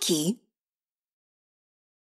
Nike